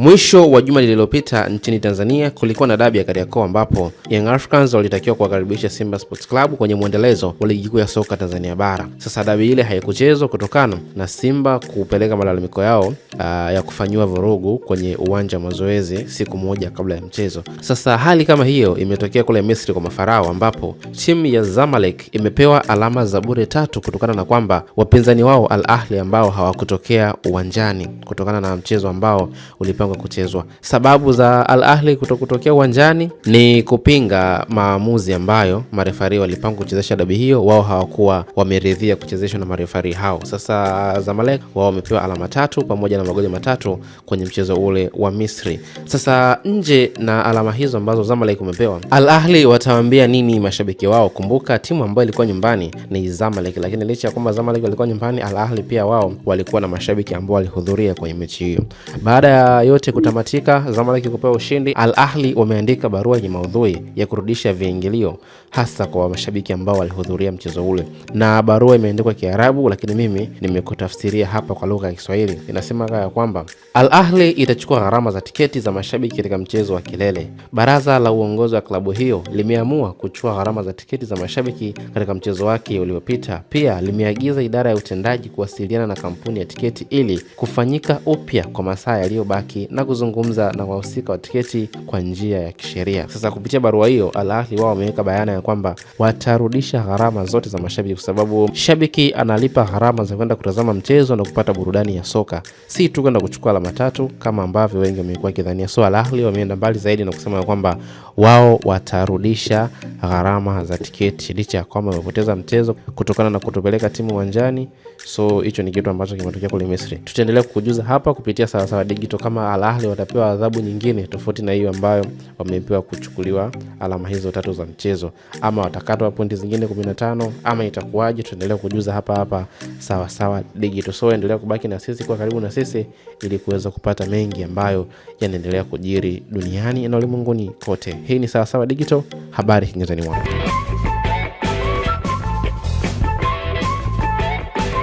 Mwisho wa juma lililopita nchini Tanzania kulikuwa na dabi ya Kariakoo ambapo Young Africans walitakiwa kuwakaribisha Simba Sports Club kwenye mwendelezo wa ligi kuu ya soka Tanzania bara. Sasa dabi ile haikuchezwa kutokana na Simba kupeleka malalamiko yao uh, ya kufanyiwa vurugu kwenye uwanja wa mazoezi siku moja kabla ya mchezo. Sasa hali kama hiyo imetokea kule Misri kwa Mafarao ambapo timu ya Zamalek imepewa alama za bure tatu kutokana na kwamba wapinzani wao Al Ahli ambao hawakutokea uwanjani kutokana na mchezo ambao ulipa kwa kuchezwa. Sababu za Al Ahli kutokutokea uwanjani ni kupinga maamuzi ambayo marefari walipanga kuchezesha dabi hiyo, wao hawakuwa wameridhia kuchezeshwa na marefari hao. Sasa Zamalek wao wamepewa alama tatu pamoja na magoli matatu kwenye mchezo ule wa Misri. Sasa nje na alama hizo ambazo Zamalek umepewa, Al Ahli watawaambia nini mashabiki wao? Kumbuka timu ambayo ilikuwa nyumbani ni Zamalek, lakini licha ya kwamba Zamalek walikuwa nyumbani, Al Ahli pia wao walikuwa na mashabiki ambao walihudhuria kwenye mechi hiyo. Baada ya yote kutamatika, Zamalek kupewa ushindi, Al Ahli wameandika barua yenye maudhui ya kurudisha viingilio hasa kwa mashabiki ambao walihudhuria mchezo ule, na barua imeandikwa Kiarabu, lakini mimi nimekutafsiria hapa kwa lugha ya Kiswahili. Inasema ya kwamba Al Ahli itachukua gharama za tiketi za mashabiki katika mchezo wa kilele. Baraza la uongozi wa klabu hiyo limeamua kuchukua gharama za tiketi za mashabiki katika mchezo wake uliopita. Pia limeagiza idara ya utendaji kuwasiliana na kampuni ya tiketi ili kufanyika upya kwa masaa yaliyobaki na kuzungumza na wahusika wa tiketi kwa njia ya kisheria. Sasa kupitia barua hiyo, Al Ahli wao wameweka bayana ya kwamba watarudisha gharama zote za mashabiki, kwa sababu shabiki analipa gharama za kwenda kutazama mchezo na kupata burudani ya soka, si tu kwenda kuchukua alama tatu kama ambavyo wengi wamekuwa wakidhania. So Al wameenda mbali zaidi na kusema kwamba wao watarudisha gharama za tiketi licha ya kwamba wamepoteza mchezo kutokana na kutopeleka timu uwanjani. So hicho ni kitu ambacho kimetokea kule Misri. Tutaendelea kukujuza hapa kupitia Sawasawa Digital kama Al watapewa adhabu nyingine tofauti na hiyo ambayo wamepewa kuchukuliwa alama hizo tatu za mchezo, ama watakatwa pointi zingine 15 ama itakuwaje? Tuendelea kujuza hapa hapa sawa sawa digital. So endelea kubaki na sisi, kwa karibu na sisi ili kuweza kupata mengi ambayo yanaendelea kujiri duniani na ulimwenguni kote. Hii ni sawa sawa digital, habari kingezani mwana